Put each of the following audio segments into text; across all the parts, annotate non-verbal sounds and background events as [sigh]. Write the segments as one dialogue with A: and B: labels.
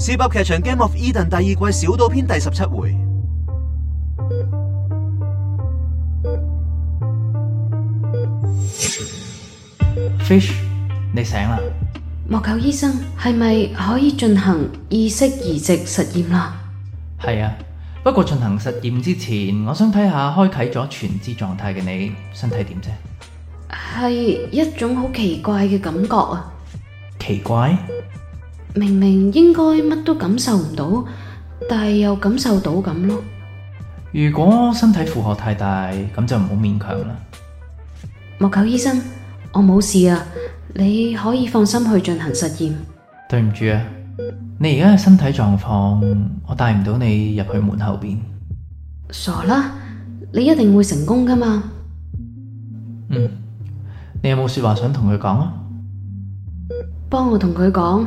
A: 《Zip 噏劇場 Game of Eden》第二季小島篇第十七回。Fish，你醒啦？
B: 莫九醫生，係咪可以進行意識轉移實驗啦？
A: 係啊，不過進行實驗之前，我想睇下開啟咗全知狀態嘅你身體點啫。
B: 係一種好奇怪嘅感覺啊！
A: 奇怪？
B: 明明應該乜都感受唔到，但係又感受到咁咯。
A: 如果身體負荷太大，咁就唔好勉強啦。
B: 莫九醫生，我冇事啊，你可以放心去進行實驗。
A: 對唔住啊，你而家嘅身體狀況，我帶唔到你入去門後面。
B: 傻啦，你一定會成功噶嘛。嗯，
A: 你有冇說話想同佢講啊？
B: 幫我同佢講。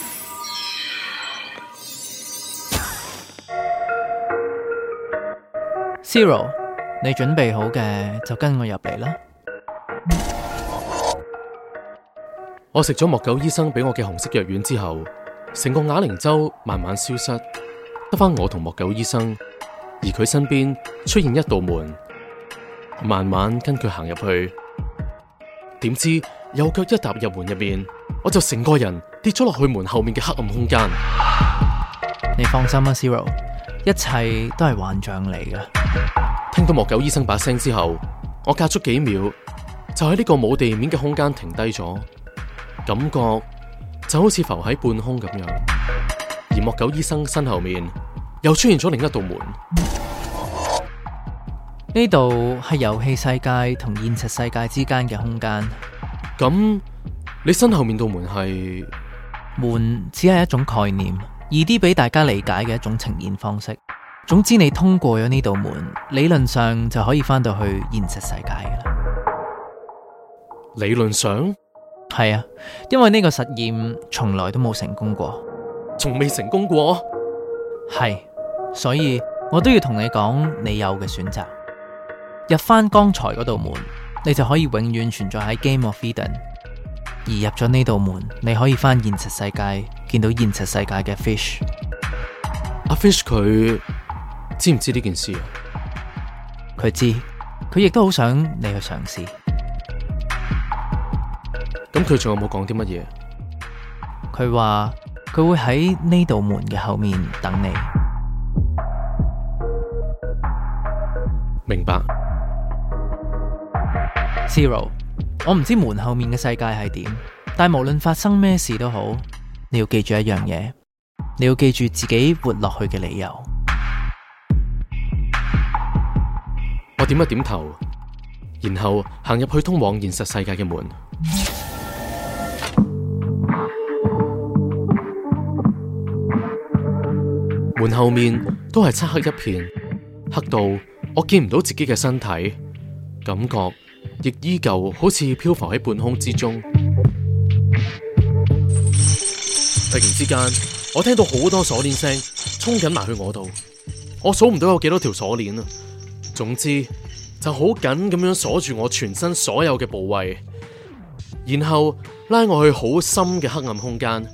B: Zero，你準備好嘅，就跟我入嚟啦。我食咗莫九醫生俾我嘅紅色藥丸之後，成個啞鈴洲慢慢消失，得返我同莫九醫生，而佢身邊出現一道門，慢慢跟佢行入去。點知右腳一踏入門入面，我就成個人跌咗落去門後面嘅黑暗空間。你放心啊，Zero，一切都係幻象嚟嘅。聽到莫九醫生把聲之後，我隔咗幾秒就喺呢個冇地面嘅空間停低咗，感覺就好似浮喺半空咁樣。而莫九醫生身後面又出現咗另一道門，
A: 呢度係遊戲世界同現實世界之間嘅空間。咁你身後面道門係？門只係一種概念，易啲俾大家理解嘅一種呈現方式。總之你通過咗呢道門，理論上就可以翻到去現實世界㗎喇。
B: 理論上？
A: 係啊，因為呢個實驗從來都冇成功過。從未成功過？係，所以我都要同你講你有嘅選擇。入翻剛才嗰道門，你就可以永遠存在喺 Game of Eden，而入咗呢道門，你可以翻現實世界見到現實世界嘅 Fish。阿 Fish 佢。知唔知呢件事啊？佢知，佢亦都好想你去嘗試。咁佢仲有冇講啲乜嘢？佢話佢會喺呢道門嘅後面等你。明白。Zero，我唔知門後面嘅世界係點，但係無論發生咩事都好，你要記住一樣嘢，你
B: 要記住自己活落去嘅理由。我點一點頭，然後行入去通往現實世界嘅門。門後面都係漆黑一片，黑到我見唔到自己嘅身體，感覺亦依舊好似漂浮喺半空之中。突然之間，我聽到好多鎖鏈聲，衝緊埋去我度。我數唔到有幾多條鎖鏈啊！總之就好緊咁樣鎖住我全身所有嘅部位，然後拉我去好深嘅黑暗空間。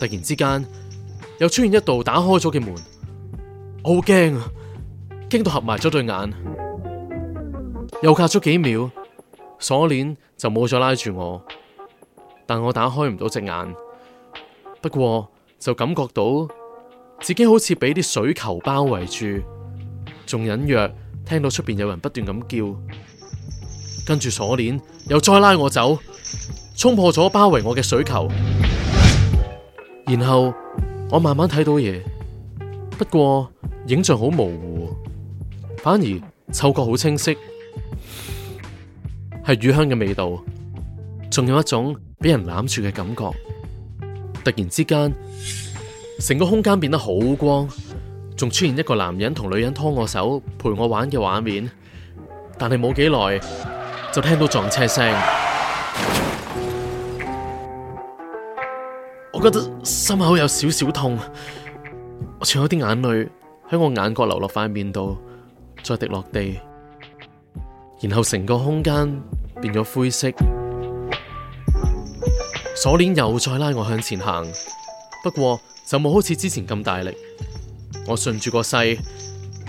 B: 突然之間又出現一度打開咗嘅門，我好驚啊，驚到合埋咗對眼。又隔咗幾秒，鎖鏈就冇再拉住我，但我打開唔到隻眼。不過就感覺到自己好似俾啲水球包圍住。仲隱約聽到出面有人不斷咁叫，跟住鎖鏈又再拉我走，衝破咗包圍我嘅水球，然後我慢慢睇到嘢，不過影像好模糊，反而嗅覺好清晰，係乳香嘅味道，仲有一種俾人攬住嘅感覺。突然之間，成個空間變得好光。仲出現一個男人同女人拖我手，陪我玩嘅畫面，但係冇幾耐就聽到撞車聲，我覺得心口有少少痛，我仲有啲眼淚喺我眼角流落塊面度，再滴落地，然後成個空間變咗灰色，鎖鏈又再拉我向前行，不過就冇好似之前咁大力。我順住個勢，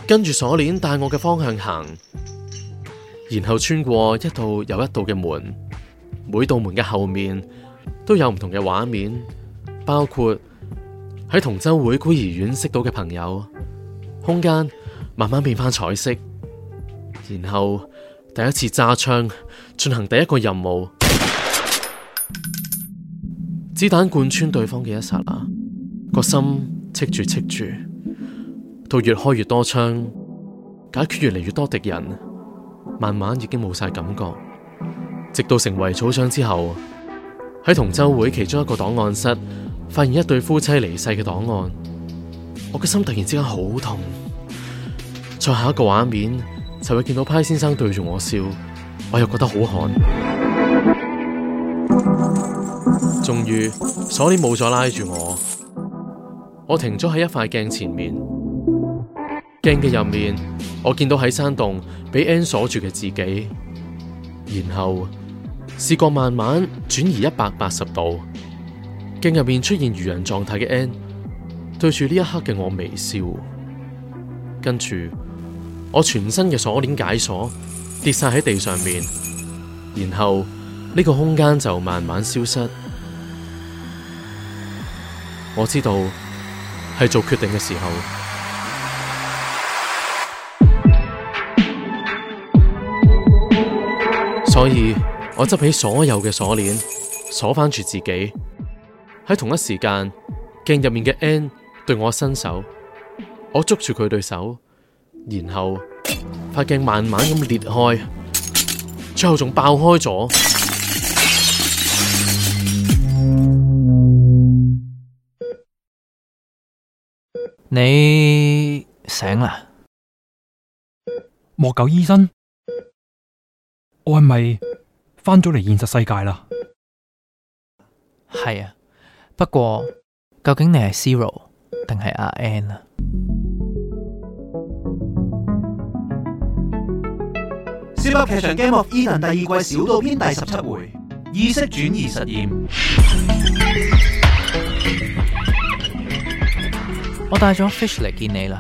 B: 跟住鎖鏈帶我嘅方向行，然後穿過一道又一道嘅門，每道門嘅後面都有唔同嘅畫面，包括喺同舟會孤兒院識到嘅朋友。空間慢慢變返彩色，然後第一次揸槍進行第一個任務， [noise] 子彈貫穿對方嘅一剎那，個心戚住戚住。到越開越多槍，解決越嚟越多敵人，慢慢已經冇晒感覺，直到成為組長之後，喺同舟會其中一個檔案室，發現一對夫妻離世嘅檔案，我嘅心突然之間好痛。再下一個畫面，就會見到 Pi 先生對住我笑，我又覺得好寒。終於鎖鏈冇再拉住我，我停咗喺一塊鏡前面。鏡嘅入面，我見到喺山洞俾 N 鎖住嘅自己，然後視覺慢慢轉移一百八十度，鏡入面出現魚人狀態嘅 N，對住呢一刻嘅我微笑，跟住我全身嘅鎖鏈解鎖，跌晒喺地上面，然後呢個空間就慢慢消失，我知道係做決定嘅時候。所以我執起所有嘅鎖鏈，鎖翻住自己。喺同一時間，鏡入面嘅 N 對我伸手，我捉住佢對手，然後塊鏡慢慢咁裂開，最後仲爆開咗。
A: 你醒啦？莫九醫生。我係咪翻咗嚟現實世界啦？係啊，不過究竟你係 Zero 定係阿 N 啊？Zip 噏劇場《Game of Eden》第二季小島篇第十七回：意識轉移實驗。我帶咗 fish 嚟見你啦，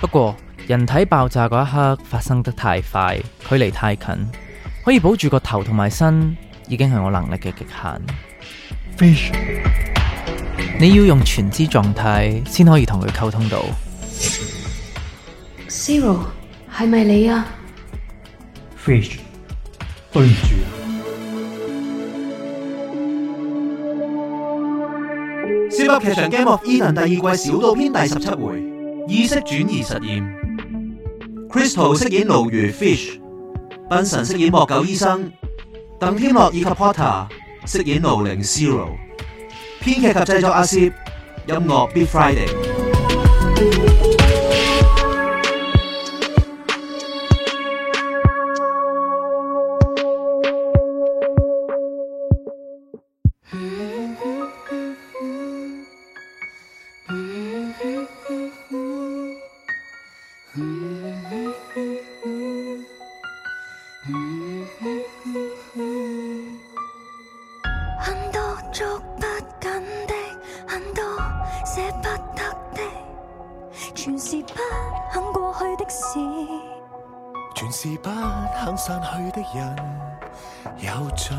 A: 不過人體爆炸嗰一刻發生得太快，距離太近。可以保住個頭同埋身，已經係我能力嘅極限。Fish，你要用全知狀態先可以同佢溝通到。
B: Zero 係咪你啊？Fish，對唔住啊！《Zip 噏劇場 Game of Eden 第二季小島篇第十七回，
A: 意識轉移實驗。Crystal 飾演盧如 Fish。彬臣飾演莫九醫生，鄧添樂以及 Potter
B: 飾演盧零 Zero，編劇及製作阿攝，
A: 音樂 Beat Friday。散去的人有盡，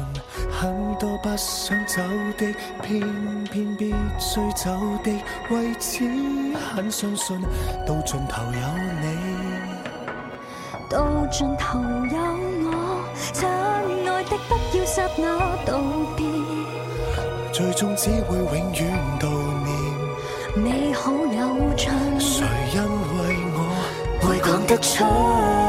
A: 很多不想走的，偏偏必須走的位置。很相信，到盡頭有你，到盡頭有我，親愛的，不要殺我道別，
B: 最終只會永遠悼
A: 念，美好有盡。誰因為我為會
B: 講得出？